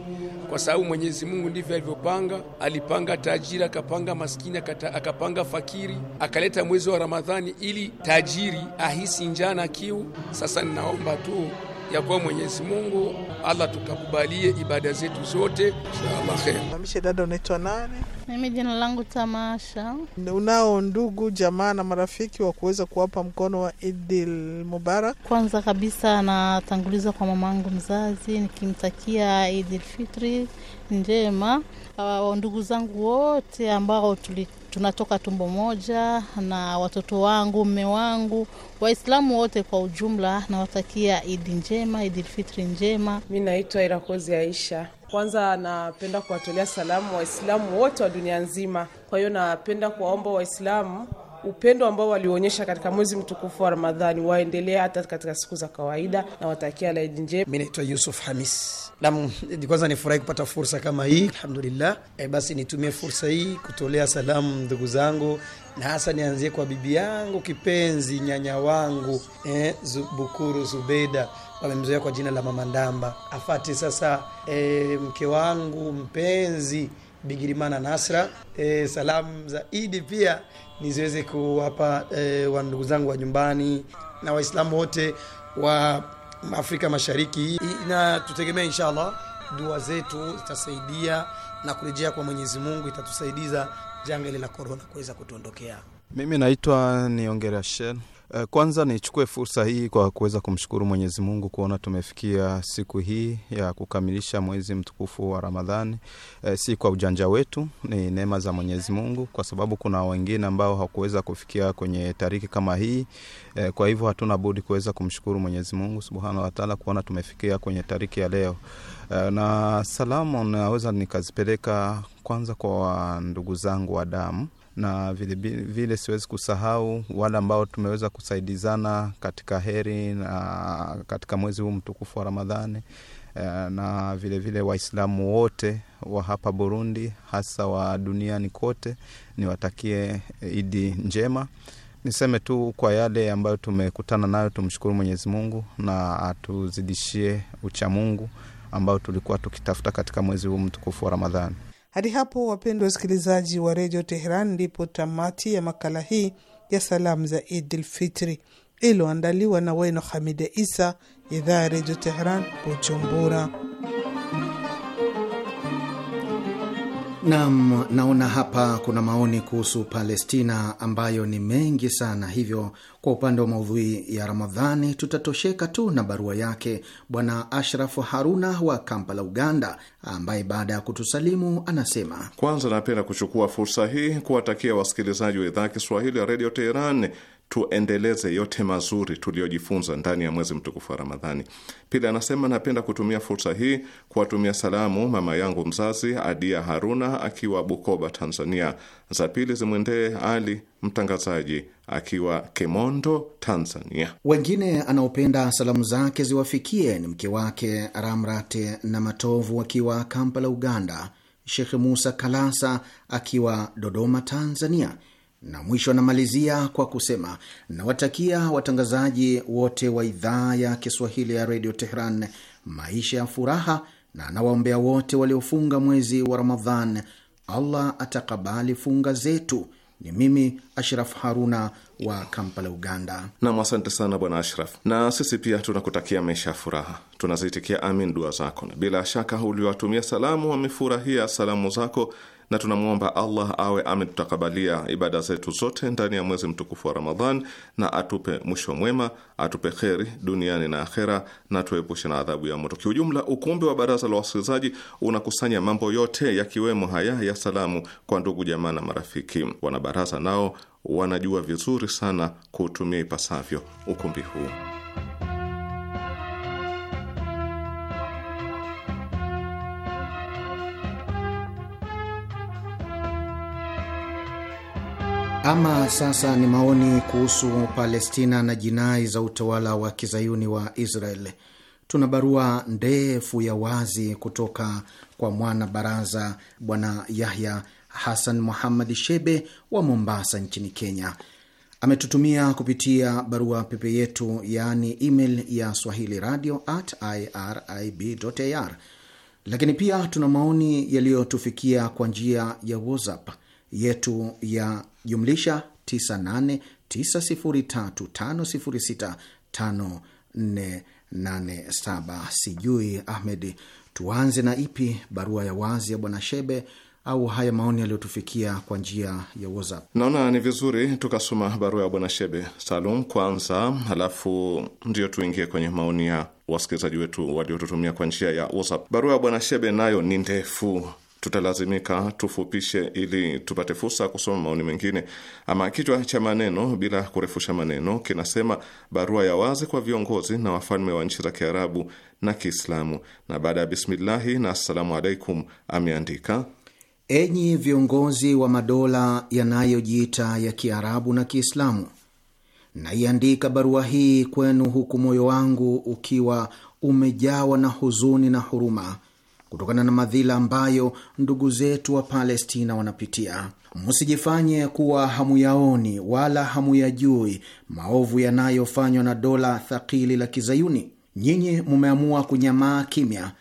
Speaker 7: kwa sababu Mwenyezi Mungu ndivyo alivyopanga. Alipanga tajiri, akapanga maskini, akapanga fakiri, akaleta mwezi wa Ramadhani ili tajiri ahisi njaa na kiu. Sasa ninaomba tu ya kwa Mwenyezi Mungu Allah tukakubalie ibada zetu zote inshallah khair.
Speaker 6: dada, unaitwa nani? Mimi jina langu Tamasha. Unao ndugu jamaa na marafiki wa kuweza kuwapa mkono wa Idil Mubarak? Kwanza kabisa natanguliza kwa mamangu mzazi nikimtakia Idil Fitri njema, uh, ndugu zangu wote ambao tuli tunatoka tumbo moja, na watoto wangu, mme wangu, Waislamu wote kwa ujumla, nawatakia Idi njema, idilfitri njema. Mi naitwa Irakozi Aisha. Kwanza napenda kuwatolea salamu Waislamu wote wa dunia nzima. Kwa hiyo napenda kuwaomba Waislamu upendo ambao walionyesha katika mwezi mtukufu
Speaker 3: wa Ramadhani waendelee hata katika siku za kawaida, na watakia laidi njema. Mi naitwa Yusuf
Speaker 5: Hamis. Naam, kwanza nifurahi kupata fursa kama hii, alhamdulillah. E, basi nitumie fursa hii kutolea salamu ndugu zangu, na hasa nianzie kwa bibi yangu kipenzi, nyanya wangu e, Bukuru Zubeda wamemzoea kwa jina la Mama Ndamba afati. Sasa e, mke wangu mpenzi Bigirimana Nasra, e, salamu za Idi pia niziweze kuwapa e, wa ndugu zangu wa nyumbani na Waislamu wote wa Afrika Mashariki, na tutegemea inshallah dua zetu zitasaidia na kurejea kwa Mwenyezi Mungu itatusaidiza janga hili la korona kuweza kutuondokea.
Speaker 8: Mimi naitwa Niongera Shell Eh, kwanza nichukue fursa hii kwa kuweza kumshukuru Mwenyezi Mungu kuona tumefikia siku hii ya kukamilisha mwezi mtukufu wa Ramadhani. E, si kwa ujanja wetu, ni neema za Mwenyezi Mungu, kwa sababu kuna wengine ambao hawakuweza kufikia kwenye tariki kama hii. E, kwa hivyo hatuna budi kuweza kumshukuru Mwenyezi Mungu Subhanahu wa Ta'ala kuona tumefikia kwenye tariki ya leo. E, na salamu naweza nikazipeleka kwanza kwa ndugu zangu wa damu na vilevile vile siwezi kusahau wale ambao tumeweza kusaidizana katika heri na katika mwezi huu mtukufu wa Ramadhani eh, na vilevile Waislamu wote wa hapa Burundi hasa wa duniani kote, niwatakie eh, Idi njema. Niseme tu kwa yale ambayo tumekutana nayo, tumshukuru Mwenyezi Mungu na atuzidishie uchamungu ambao tulikuwa tukitafuta katika mwezi huu mtukufu wa Ramadhani.
Speaker 6: Hadi hapo, wapendwa wasikilizaji wa redio Teheran, ndipo tamati ya makala hii ya salamu za Idil Fitri iliyoandaliwa na Weno Hamida Isa, idhaa ya redio Teheran, Bujumbura.
Speaker 5: Nam, naona hapa kuna maoni kuhusu Palestina ambayo ni mengi sana, hivyo kwa upande wa maudhui ya Ramadhani tutatosheka tu na barua yake Bwana ashrafu Haruna wa Kampala, Uganda, ambaye baada ya kutusalimu anasema,
Speaker 4: kwanza napenda kuchukua fursa hii kuwatakia wasikilizaji wa idhaa Kiswahili ya Redio Teheran tuendeleze yote mazuri tuliyojifunza ndani ya mwezi mtukufu wa Ramadhani. Pili anasema napenda kutumia fursa hii kuwatumia salamu mama yangu mzazi Adia Haruna akiwa Bukoba, Tanzania. Za pili zimwendee Ali mtangazaji akiwa Kemondo, Tanzania.
Speaker 5: Wengine anaopenda salamu zake ziwafikie ni mke wake Ramrate na Matovu akiwa Kampala, Uganda, Shekhe Musa Kalasa akiwa Dodoma, Tanzania, na mwisho anamalizia kwa kusema nawatakia watangazaji wote wa idhaa ya Kiswahili ya redio Tehran maisha ya furaha, na anawaombea wote waliofunga mwezi wa Ramadhan. Allah atakabali funga zetu. Ni mimi Ashraf Haruna wa Kampala, Uganda.
Speaker 4: Nam, asante sana Bwana Ashraf, na sisi pia tunakutakia maisha ya furaha. Tunazitikia amin dua zako, na bila shaka uliowatumia salamu wamefurahia salamu zako na tunamwomba Allah awe ametutakabalia ibada zetu zote ndani ya mwezi mtukufu wa Ramadhan na atupe mwisho mwema, atupe kheri duniani na akhera, na tuepushe na adhabu ya moto. Kiujumla, ukumbi wa baraza la wasikilizaji unakusanya mambo yote yakiwemo haya ya salamu kwa ndugu jamaa na marafiki. Wanabaraza nao wanajua vizuri sana kuutumia ipasavyo ukumbi huu.
Speaker 5: Ama sasa ni maoni kuhusu Palestina na jinai za utawala wa kizayuni wa Israel. Tuna barua ndefu ya wazi kutoka kwa mwana baraza Bwana Yahya Hasan Muhammad Shebe wa Mombasa nchini Kenya. Ametutumia kupitia barua pepe yetu, yaani email ya swahili radio at irib.ir, lakini pia tuna maoni yaliyotufikia kwa njia ya WhatsApp yetu ya jumlisha 989035065487. Sijui Ahmed, tuanze na ipi, barua ya wazi ya bwana Shebe au haya maoni yaliyotufikia kwa njia ya WhatsApp?
Speaker 4: Naona ni vizuri tukasoma barua ya bwana Shebe Salum kwanza, halafu ndio tuingie kwenye maoni ya wasikilizaji wetu waliotutumia kwa njia ya WhatsApp. Barua ya bwana Shebe nayo ni ndefu tutalazimika tufupishe ili tupate fursa ya kusoma maoni mengine. Ama kichwa cha maneno, bila kurefusha maneno, kinasema barua ya wazi kwa viongozi na wafalme wa nchi za Kiarabu na Kiislamu. Na baada ya bismillahi na assalamu alaikum, ameandika
Speaker 5: enyi viongozi wa madola yanayojiita ya Kiarabu na Kiislamu, naiandika barua hii kwenu huku moyo wangu ukiwa umejawa na huzuni na huruma kutokana na madhila ambayo ndugu zetu wa Palestina wanapitia. Msijifanye kuwa hamuyaoni wala hamuyajui maovu yanayofanywa na dola thakili la Kizayuni. Nyinyi mumeamua kunyamaa kimya,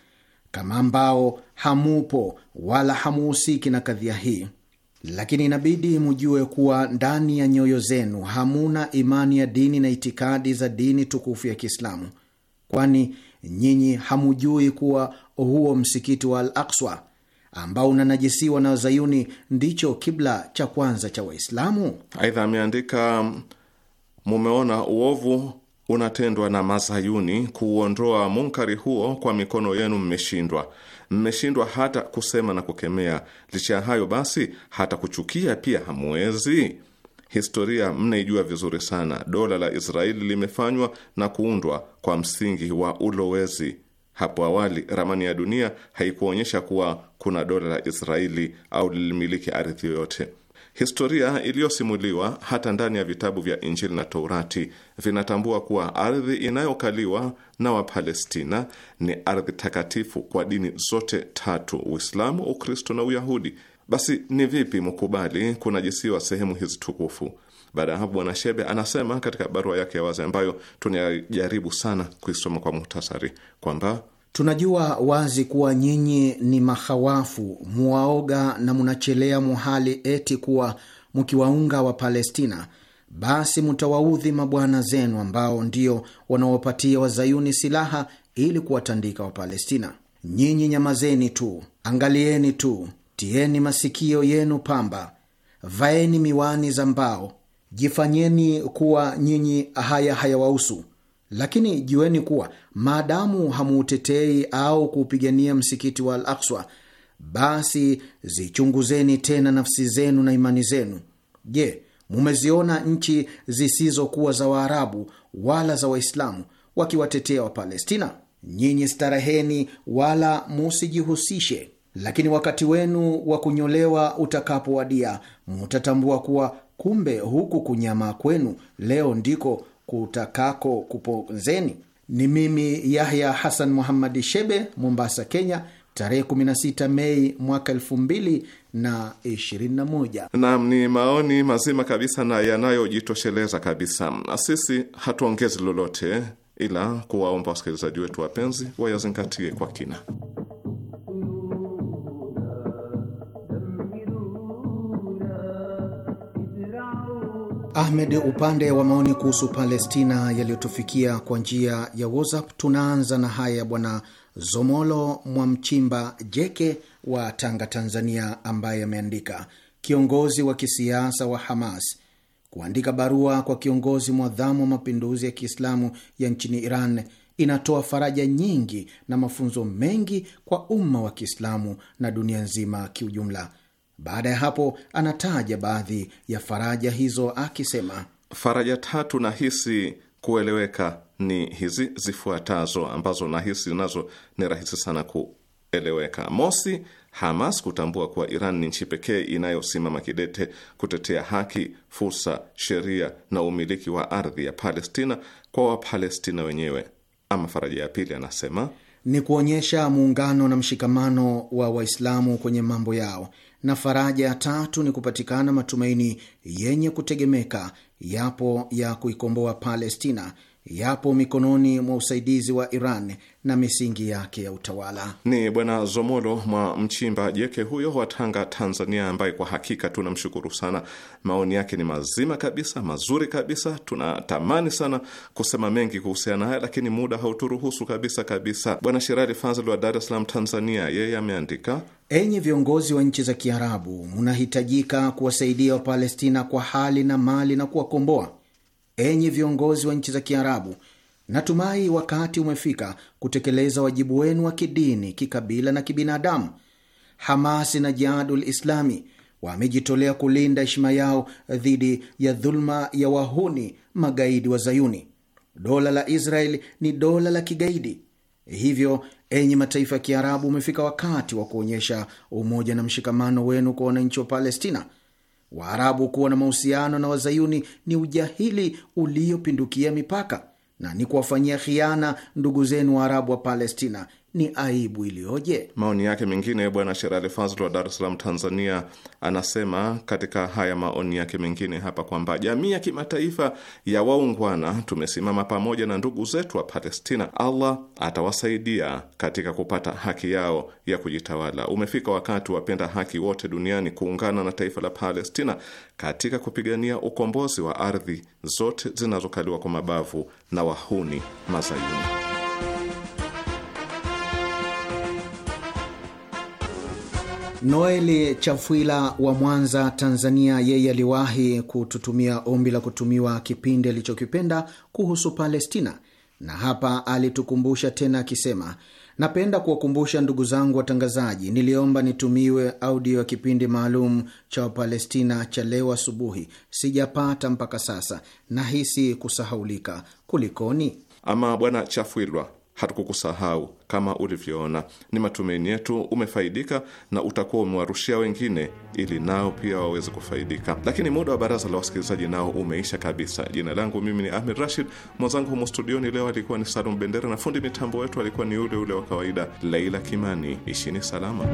Speaker 5: kama ambao hamupo wala hamuhusiki na kadhia hii, lakini inabidi mujue kuwa ndani ya nyoyo zenu hamuna imani ya dini na itikadi za dini tukufu ya Kiislamu, kwani nyinyi hamujui kuwa huo msikiti wa Al Akswa ambao unanajisiwa na Wazayuni ndicho kibla cha kwanza cha Waislamu?
Speaker 4: Aidha ameandika mumeona uovu unatendwa na Mazayuni, kuuondoa munkari huo kwa mikono yenu mmeshindwa mmeshindwa hata kusema na kukemea. Licha ya hayo basi, hata kuchukia pia hamwezi. Historia mnaijua vizuri sana. Dola la Israeli limefanywa na kuundwa kwa msingi wa ulowezi hapo awali ramani ya dunia haikuonyesha kuwa kuna dola la Israeli au lilimiliki ardhi yoyote. Historia iliyosimuliwa hata ndani ya vitabu vya Injili na Taurati vinatambua kuwa ardhi inayokaliwa na Wapalestina ni ardhi takatifu kwa dini zote tatu: Uislamu, Ukristo na Uyahudi. Basi ni vipi mukubali kunajisiwa sehemu hizi tukufu? Baada ya hapo, Bwana Shebe anasema katika barua yake ya wazi ambayo tunajaribu sana kuisoma kwa muhtasari kwamba
Speaker 5: Tunajua wazi kuwa nyinyi ni mahawafu, muwaoga na munachelea muhali eti kuwa mkiwaunga Wapalestina basi mutawaudhi mabwana zenu ambao ndio wanawapatia wazayuni silaha ili kuwatandika Wapalestina. Nyinyi nyamazeni tu, angalieni tu, tieni masikio yenu pamba, vaeni miwani za mbao, jifanyeni kuwa nyinyi haya hayawahusu lakini jueni kuwa maadamu hamuutetei au kuupigania msikiti wa Al Akswa, basi zichunguzeni tena nafsi zenu na imani zenu. Je, mumeziona nchi zisizokuwa za Waarabu wala za Waislamu wakiwatetea Wapalestina? Nyinyi staraheni wala musijihusishe. Lakini wakati wenu wa kunyolewa utakapowadia, mutatambua kuwa kumbe huku kunyamaa kwenu leo ndiko kutakako kupozeni. Ni mimi Yahya Hasan Muhammadi Shebe, Mombasa, Kenya, tarehe 16 Mei mwaka 2021.
Speaker 4: Naam, ni maoni mazima kabisa na yanayojitosheleza kabisa. Sisi hatuongezi lolote ila kuwaomba wasikilizaji wetu wapenzi wayazingatie kwa kina.
Speaker 5: Ahmed, upande wa maoni kuhusu Palestina yaliyotufikia kwa njia ya WhatsApp, tunaanza na haya ya Bwana Zomolo Mwamchimba Jeke wa Tanga, Tanzania, ambaye ameandika kiongozi wa kisiasa wa Hamas kuandika barua kwa kiongozi mwadhamu wa mapinduzi ya Kiislamu ya nchini Iran inatoa faraja nyingi na mafunzo mengi kwa umma wa Kiislamu na dunia nzima kiujumla. Baada ya hapo, anataja baadhi ya faraja hizo akisema,
Speaker 4: faraja tatu nahisi kueleweka ni hizi zifuatazo, ambazo nahisi nazo ni rahisi sana kueleweka. Mosi, Hamas kutambua kuwa Iran ni nchi pekee inayosimama kidete kutetea haki, fursa, sheria na umiliki wa ardhi ya Palestina kwa Wapalestina wenyewe. Ama faraja ya pili, anasema
Speaker 5: ni kuonyesha muungano na mshikamano wa Waislamu kwenye mambo yao na faraja ya tatu ni kupatikana matumaini yenye kutegemeka yapo ya kuikomboa Palestina yapo mikononi mwa usaidizi wa Iran na misingi yake ya utawala.
Speaker 4: Ni Bwana Zomolo mwa Mchimba Jeke huyo wa Tanga, Tanzania, ambaye kwa hakika tunamshukuru sana. Maoni yake ni mazima kabisa, mazuri kabisa. Tunatamani sana kusema mengi kuhusiana haya, lakini muda hauturuhusu kabisa kabisa. Bwana Shirali Fazl wa Dar es Salaam, Tanzania, yeye ameandika
Speaker 5: Enyi viongozi wa nchi za Kiarabu, mnahitajika kuwasaidia Wapalestina kwa hali na mali na kuwakomboa. Enyi viongozi wa nchi za Kiarabu, natumai wakati umefika kutekeleza wajibu wenu wa kidini, kikabila na kibinadamu. Hamasi na Jihadul Islami wamejitolea kulinda heshima yao dhidi ya dhuluma ya wahuni magaidi wa Zayuni. Dola la Israeli ni dola la kigaidi, hivyo Enyi mataifa ya Kiarabu, umefika wakati wa kuonyesha umoja na mshikamano wenu kwa wananchi wa Palestina. Waarabu kuwa na mahusiano na wazayuni ni ujahili uliopindukia mipaka na ni kuwafanyia khiana ndugu zenu Waarabu wa Palestina ni aibu iliyoje!
Speaker 4: Maoni yake mengine, Bwana Sherali Fazl wa Dar es Salaam, Tanzania, anasema katika haya maoni yake mengine hapa kwamba jamii ya kimataifa ya waungwana tumesimama pamoja na ndugu zetu wa Palestina. Allah atawasaidia katika kupata haki yao ya kujitawala. Umefika wakati wapenda haki wote duniani kuungana na taifa la Palestina katika kupigania ukombozi wa ardhi zote zinazokaliwa kwa mabavu
Speaker 5: na wahuni Mazayuni. Noeli Chafuila wa Mwanza, Tanzania, yeye aliwahi kututumia ombi la kutumiwa kipindi alichokipenda kuhusu Palestina, na hapa alitukumbusha tena akisema, napenda kuwakumbusha ndugu zangu watangazaji, niliomba nitumiwe audio ya kipindi maalum cha Wapalestina cha leo asubuhi, sijapata mpaka sasa, nahisi kusahaulika. Kulikoni?
Speaker 4: Ama Bwana Chafuilwa hatukukusahau kama ulivyoona. Ni matumaini yetu umefaidika na utakuwa umewarushia wengine, ili nao pia waweze kufaidika. Lakini muda wa baraza la wasikilizaji nao umeisha kabisa. Jina langu mimi ni Ahmed Rashid, mwenzangu humo studioni leo alikuwa ni Salum Bendera na fundi mitambo wetu alikuwa ni yule ule wa kawaida Laila Kimani. Ishini salama.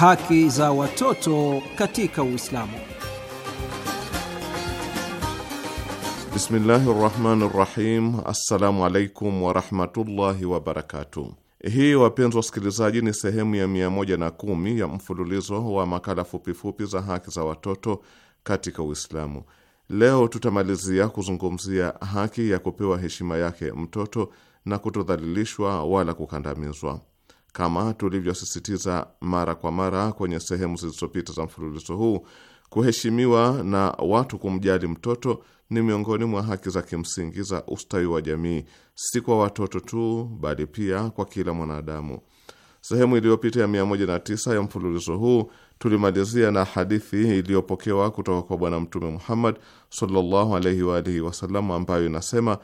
Speaker 3: Haki za watoto katika Uislamu.
Speaker 4: Bismillahi rahmani rahim. Assalamu alaikum warahmatullahi wabarakatu. Hii wapenzi wasikilizaji, ni sehemu ya 110 ya mfululizo wa makala fupifupi za haki za watoto katika Uislamu. Leo tutamalizia kuzungumzia haki ya kupewa heshima yake mtoto na kutodhalilishwa wala kukandamizwa. Kama tulivyosisitiza mara kwa mara kwenye sehemu zilizopita za mfululizo huu, kuheshimiwa na watu kumjali mtoto ni miongoni mwa haki za kimsingi za ustawi wa jamii, si kwa watoto tu, bali pia kwa kila mwanadamu. Sehemu iliyopita ya 109 ya mfululizo huu tulimalizia na hadithi iliyopokewa kutoka kwa Bwana Mtume Muhammad sallallahu alaihi wa alihi wasallam, ambayo inasema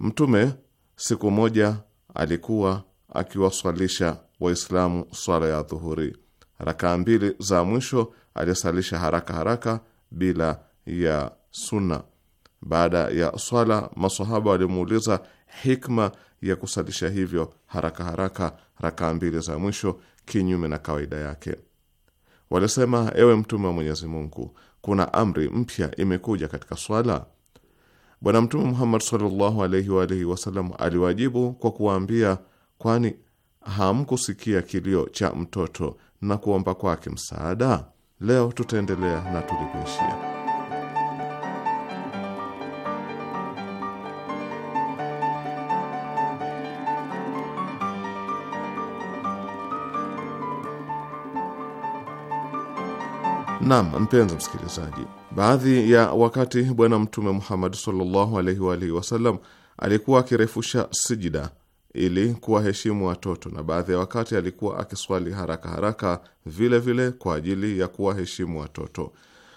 Speaker 4: Mtume siku moja alikuwa akiwaswalisha Waislamu swala ya dhuhuri. Rakaa mbili za mwisho alisalisha haraka haraka bila ya sunna. Baada ya swala, masahaba walimuuliza hikma ya kusalisha hivyo haraka haraka rakaa mbili za mwisho kinyume na kawaida yake. Walisema, ewe Mtume wa Mwenyezi Mungu, kuna amri mpya imekuja katika swala? Bwana Mtume Muhammad sallallahu alaihi wa alihi wasallam aliwajibu kwa kuwaambia kwani hamkusikia kilio cha mtoto na kuomba kwake msaada? Leo tutaendelea na tulipoishia. Nam, mpenzi msikilizaji, baadhi ya wakati Bwana Mtume Muhammad sallallahu alaihi wa alihi wasallam alikuwa akirefusha sijida ili kuwaheshimu watoto, na baadhi ya wakati alikuwa akiswali haraka haraka vile vile kwa ajili ya kuwaheshimu watoto.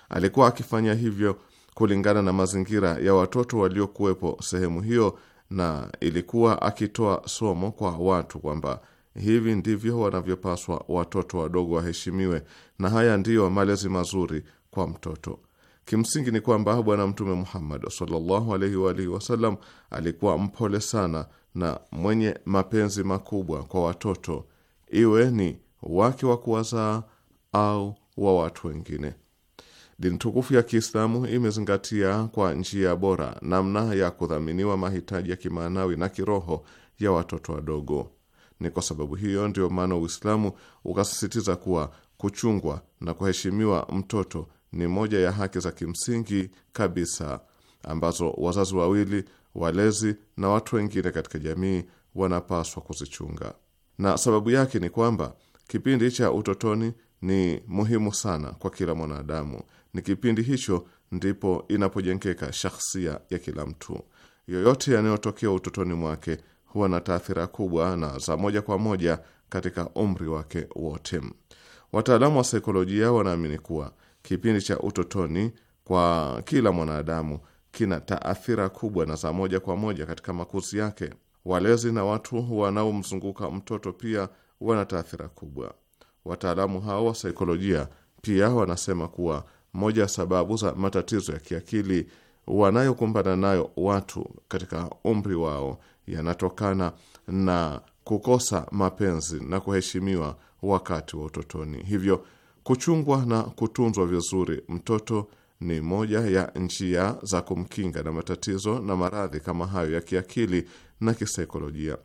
Speaker 4: Alikuwa akifanya hivyo kulingana na mazingira ya watoto waliokuwepo sehemu hiyo, na ilikuwa akitoa somo kwa watu kwamba hivi ndivyo wanavyopaswa watoto wadogo waheshimiwe, na haya ndiyo malezi mazuri kwa mtoto. Kimsingi ni kwamba Bwana Mtume Muhammad sallallahu alaihi wa alihi wasallam alikuwa mpole sana na mwenye mapenzi makubwa kwa watoto, iwe ni wake wa kuwazaa au wa watu wengine. Dini tukufu ya Kiislamu imezingatia kwa njia bora namna ya kudhaminiwa mahitaji ya kimaanawi na kiroho ya watoto wadogo. Ni kwa sababu hiyo ndiyo maana Uislamu ukasisitiza kuwa kuchungwa na kuheshimiwa mtoto ni moja ya haki za kimsingi kabisa ambazo wazazi wawili walezi na watu wengine katika jamii wanapaswa kuzichunga, na sababu yake ni kwamba kipindi cha utotoni ni muhimu sana kwa kila mwanadamu. Ni kipindi hicho ndipo inapojengeka shakhsia ya kila mtu. Yoyote yanayotokea utotoni mwake huwa na taathira kubwa na za moja kwa moja katika umri wake wote. Wataalamu wa saikolojia wanaamini kuwa kipindi cha utotoni kwa kila mwanadamu kina taathira kubwa na za moja kwa moja katika makuzi yake. Walezi na watu wanaomzunguka mtoto pia wana taathira kubwa. Wataalamu hao wa saikolojia pia wanasema kuwa moja ya sababu za matatizo ya kiakili wanayokumbana nayo watu katika umri wao yanatokana na kukosa mapenzi na kuheshimiwa wakati wa utotoni. Hivyo kuchungwa na kutunzwa vizuri mtoto ni moja ya njia za kumkinga na matatizo na maradhi kama hayo ya kiakili na kisaikolojia.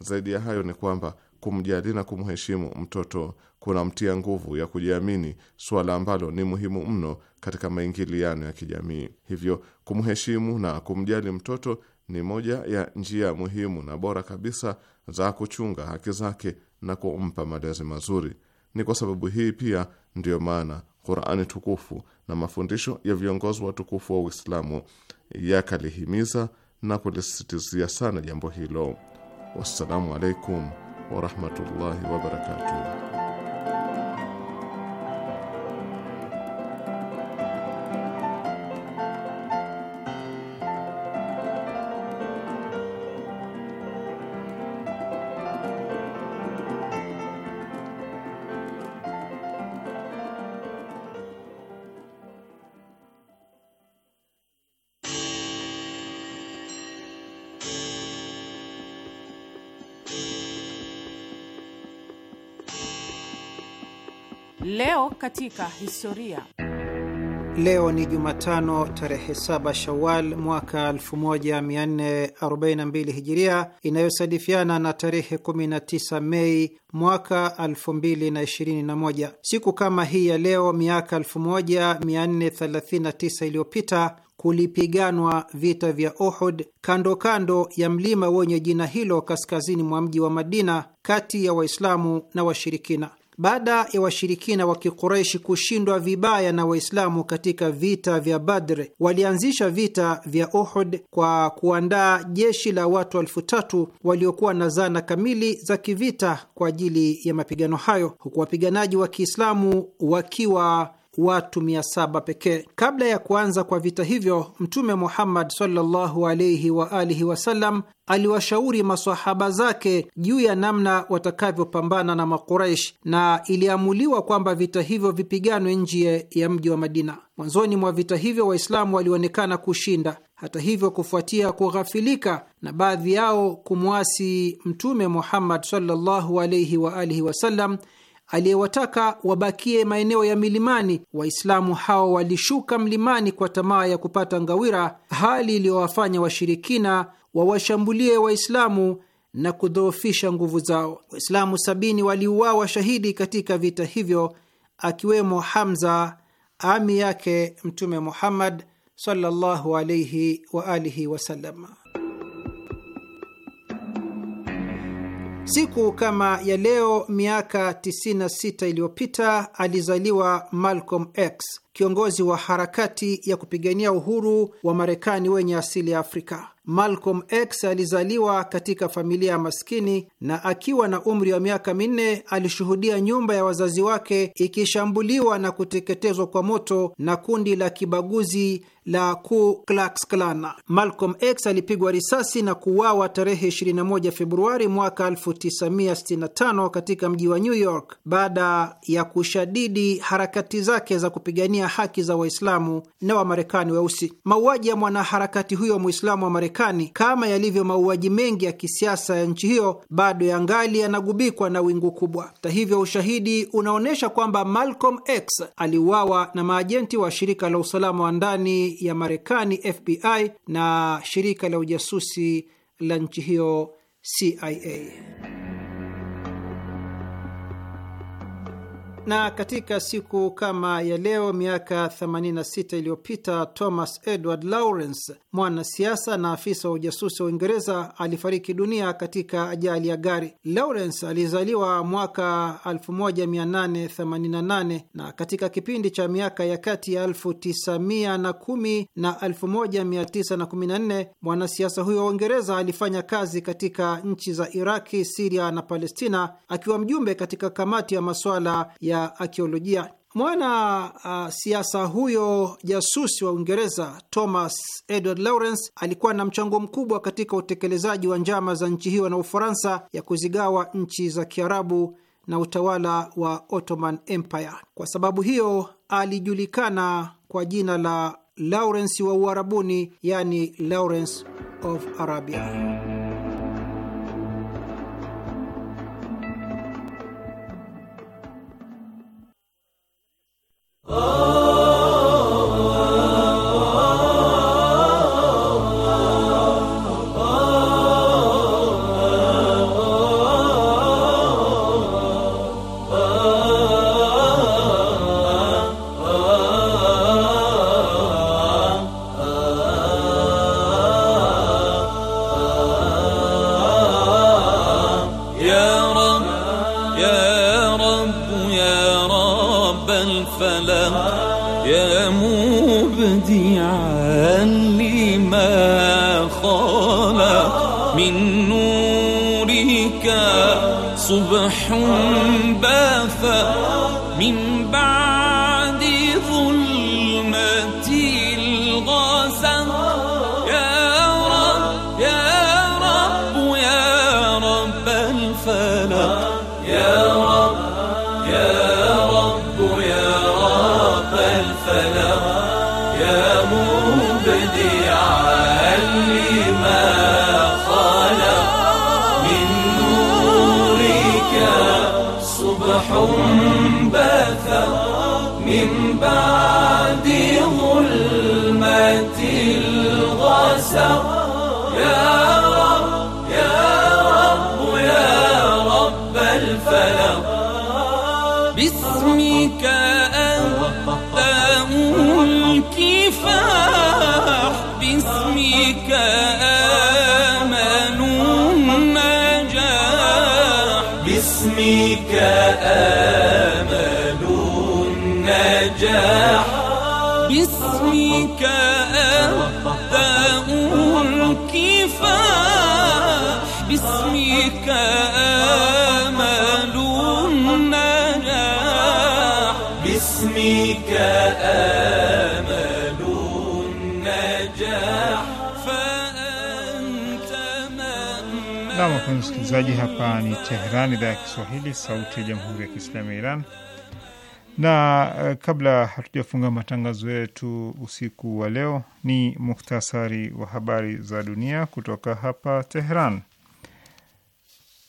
Speaker 4: Zaidi ya hayo ni kwamba kumjali na kumheshimu mtoto kunamtia nguvu ya kujiamini, suala ambalo ni muhimu mno katika maingiliano ya kijamii. Hivyo, kumheshimu na kumjali mtoto ni moja ya njia muhimu na bora kabisa za kuchunga haki zake na kumpa malezi mazuri. Ni kwa sababu hii pia ndiyo maana Qurani tukufu na mafundisho ya viongozi watukufu wa Uislamu yakalihimiza na kulisisitizia sana jambo hilo. Wassalamu alaikum warahmatullahi wabarakatuh.
Speaker 1: katika historia.
Speaker 3: Leo ni Jumatano tarehe 7 Shawal mwaka 1442 Hijiria, inayosadifiana na tarehe 19 Mei mwaka 2021. Siku kama hii ya leo miaka 1439 iliyopita kulipiganwa vita vya Uhud kando kando ya mlima wenye jina hilo kaskazini mwa mji wa Madina, kati ya Waislamu na washirikina baada ya washirikina wa Kikureshi kushindwa vibaya na Waislamu katika vita vya Badr, walianzisha vita vya Uhud kwa kuandaa jeshi la watu elfu tatu waliokuwa na zana kamili za kivita kwa ajili ya mapigano hayo, huku wapiganaji wa Kiislamu wakiwa watu mia saba pekee. Kabla ya kuanza kwa vita hivyo, Mtume Muhammad sallallahu alaihi wa alihi wasallam aliwashauri masahaba zake juu ya namna watakavyopambana na Makuraish, na iliamuliwa kwamba vita hivyo vipiganwe nje ya mji wa Madina. Mwanzoni mwa vita hivyo Waislamu walionekana kushinda. Hata hivyo, kufuatia kughafilika na baadhi yao kumwasi Mtume Muhammad sallallahu alaihi wa alihi wasallam aliyewataka wabakie maeneo ya milimani. Waislamu hao walishuka mlimani kwa tamaa ya kupata ngawira, hali iliyowafanya washirikina wawashambulie Waislamu na kudhoofisha nguvu zao. Waislamu sabini waliuawa shahidi katika vita hivyo, akiwemo Hamza, ami yake Mtume Muhammad sallallahu alaihi wa alihi wasallam. Siku kama ya leo miaka 96 iliyopita alizaliwa Malcolm X, kiongozi wa harakati ya kupigania uhuru wa Marekani wenye asili ya Afrika. Malcolm X alizaliwa katika familia ya maskini na akiwa na umri wa miaka minne alishuhudia nyumba ya wazazi wake ikishambuliwa na kuteketezwa kwa moto na kundi la kibaguzi la Ku Klux Klan. Malcolm X alipigwa risasi na kuuawa tarehe 21 Februari mwaka 1965 katika mji wa New York baada ya kushadidi harakati zake za kupigania kupigania haki za Waislamu na Wamarekani weusi. Mauaji ya mwanaharakati huyo Mwislamu wa Marekani, kama yalivyo mauaji mengi ya kisiasa ya nchi hiyo, bado ya ngali yanagubikwa na wingu kubwa. Hata hivyo, ushahidi unaonyesha kwamba Malcolm X aliuawa na maajenti wa shirika la usalama wa ndani ya Marekani, FBI, na shirika la ujasusi la nchi hiyo CIA. Na katika siku kama ya leo miaka 86 iliyopita Thomas Edward Lawrence, mwanasiasa na afisa wa ujasusi wa Uingereza, alifariki dunia katika ajali ya gari. Lawrence alizaliwa mwaka 1888 na katika kipindi cha miaka ya kati ya 1910 na 1914 mwanasiasa huyo wa Uingereza alifanya kazi katika nchi za Iraki, Siria na Palestina akiwa mjumbe katika kamati ya masuala ya ya akiolojia. Mwana uh, siasa huyo jasusi wa Uingereza Thomas Edward Lawrence alikuwa na mchango mkubwa katika utekelezaji wa njama za nchi hiyo na Ufaransa ya kuzigawa nchi za Kiarabu na utawala wa Ottoman Empire. Kwa sababu hiyo alijulikana kwa jina la Lawrence wa Uarabuni, yani Lawrence of Arabia. Oh.
Speaker 9: forever.
Speaker 2: wasikilizaji, hapa ni Teheran, idhaa ya Kiswahili, sauti ya jamhuri ya kiislamu ya Iran. Na eh, kabla hatujafunga matangazo yetu usiku wa leo, ni muhtasari wa habari za dunia kutoka hapa Teheran.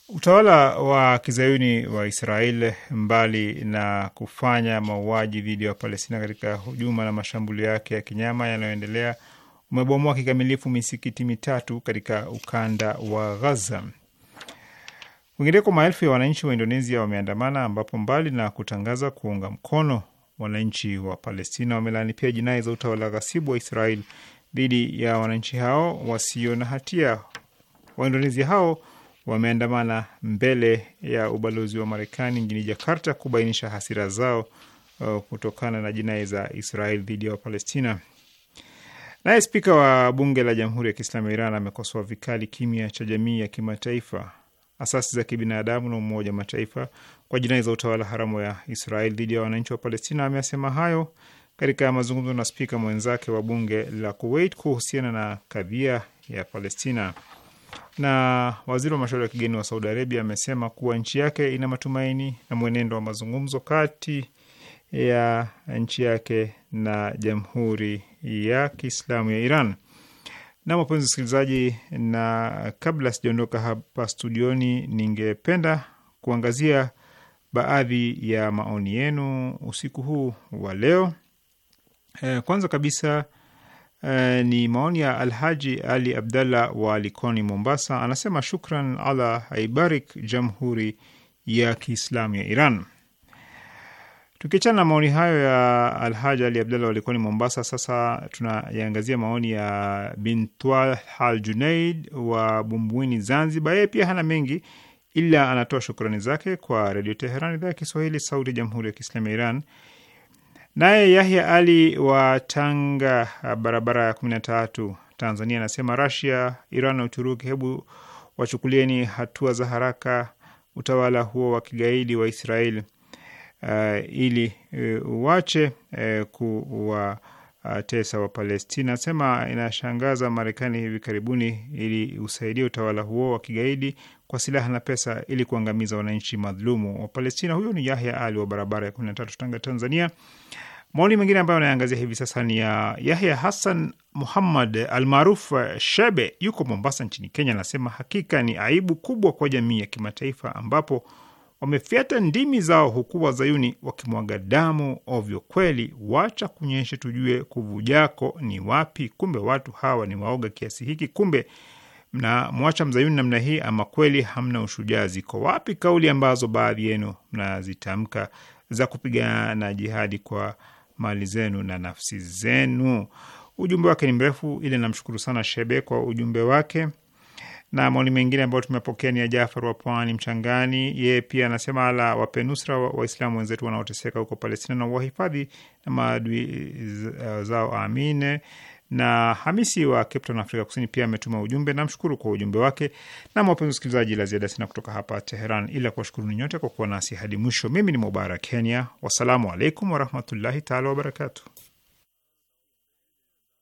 Speaker 2: Utawala wa kizayuni wa Israel, mbali na kufanya mauaji dhidi ya Wapalestina katika hujuma na mashambulio yake ya kinyama yanayoendelea, umebomoa kikamilifu misikiti mitatu katika ukanda wa Ghaza. Kwingineko, maelfu ya wananchi wa Indonesia wameandamana, ambapo mbali na kutangaza kuunga mkono wananchi wa Palestina, wamelaani pia jinai za utawala ghasibu wa Israel dhidi ya wananchi hao wasio na hatia. Waindonesia hao wameandamana mbele ya ubalozi wa Marekani mjini Jakarta kubainisha hasira zao uh, kutokana na jinai za Israel dhidi ya Wapalestina. Naye spika wa bunge la Jamhuri ya Kiislamu ya Iran amekosoa vikali kimya cha jamii ya kimataifa asasi za kibinadamu na Umoja wa Mataifa kwa jinai za utawala haramu ya Israel dhidi ya wananchi wa Palestina. ameasema hayo katika mazungumzo na spika mwenzake wa bunge la Kuwait kuhusiana na kadhia ya Palestina. Na waziri wa mashauri ya kigeni wa Saudi Arabia amesema kuwa nchi yake ina matumaini na mwenendo wa mazungumzo kati ya nchi yake na Jamhuri ya Kiislamu ya Iran. Na wapenzi wasikilizaji, na kabla sijaondoka hapa studioni, ningependa kuangazia baadhi ya maoni yenu usiku huu wa leo. E, kwanza kabisa e, ni maoni ya Alhaji Ali Abdallah wa Likoni, Mombasa. Anasema shukran, Allah aibarik Jamhuri ya Kiislamu ya Iran. Tukiachana na maoni hayo ya Alhaj Ali Abdalla walikuwa ni Mombasa, sasa tunayaangazia maoni ya Bintwal Al Junaid wa Bumbwini, Zanzibar. Yeye pia hana mengi, ila anatoa shukrani zake kwa Redio Teheran, idhaa ya Kiswahili, sauti ya Jamhuri ya Kiislamu ya Iran. Naye Yahya Ali wa Tanga, barabara ya kumi na tatu, Tanzania, anasema Rasia, Iran na Uturuki, hebu wachukulieni hatua za haraka utawala huo wa kigaidi wa Israeli uh, ili uache uh, uh, kuwatesa wa Palestina. Asema inashangaza Marekani hivi karibuni ili usaidia utawala huo wa kigaidi kwa silaha na pesa ili kuangamiza wananchi madhulumu wa Palestina. Huyo ni Yahya Ali wa barabara ya 13 Tanga, Tanzania. Maoni mengine ambayo anaangazia hivi sasa ni ya Yahya Hassan Muhammad almaaruf Shebe, yuko Mombasa nchini Kenya. Anasema hakika ni aibu kubwa kwa jamii ya kimataifa ambapo wamefyata ndimi zao, huku wazayuni wakimwaga damu ovyo. Kweli wacha kunyeshe, tujue kuvujako ni wapi. Kumbe watu hawa ni waoga kiasi hiki! Kumbe mwacha mzayuni namna hii, ama kweli hamna ushujaa. Ziko wapi kauli ambazo baadhi yenu mnazitamka za kupigana na jihadi kwa mali zenu na nafsi zenu? Ujumbe wake ni mrefu, ili namshukuru sana Shebe kwa ujumbe wake na maoni mengine ambayo tumepokea ni ya Jafar wa Pwani Mchangani. Yeye pia anasema ala wapenusra Waislamu wa wenzetu wanaoteseka huko Palestina na wahifadhi na maadui eh, zao, amine. Na Hamisi wa Cape Town, Afrika Kusini, pia ametuma ujumbe. Namshukuru kwa ujumbe wake. Na wapenzi wasikilizaji, la ziada sina kutoka hapa Teheran ila ni nyote kwa kuwa nasi hadi mwisho. Mimi ni Mubarak Kenya, wassalamu alaikum warahmatullahi taala wabarakatu.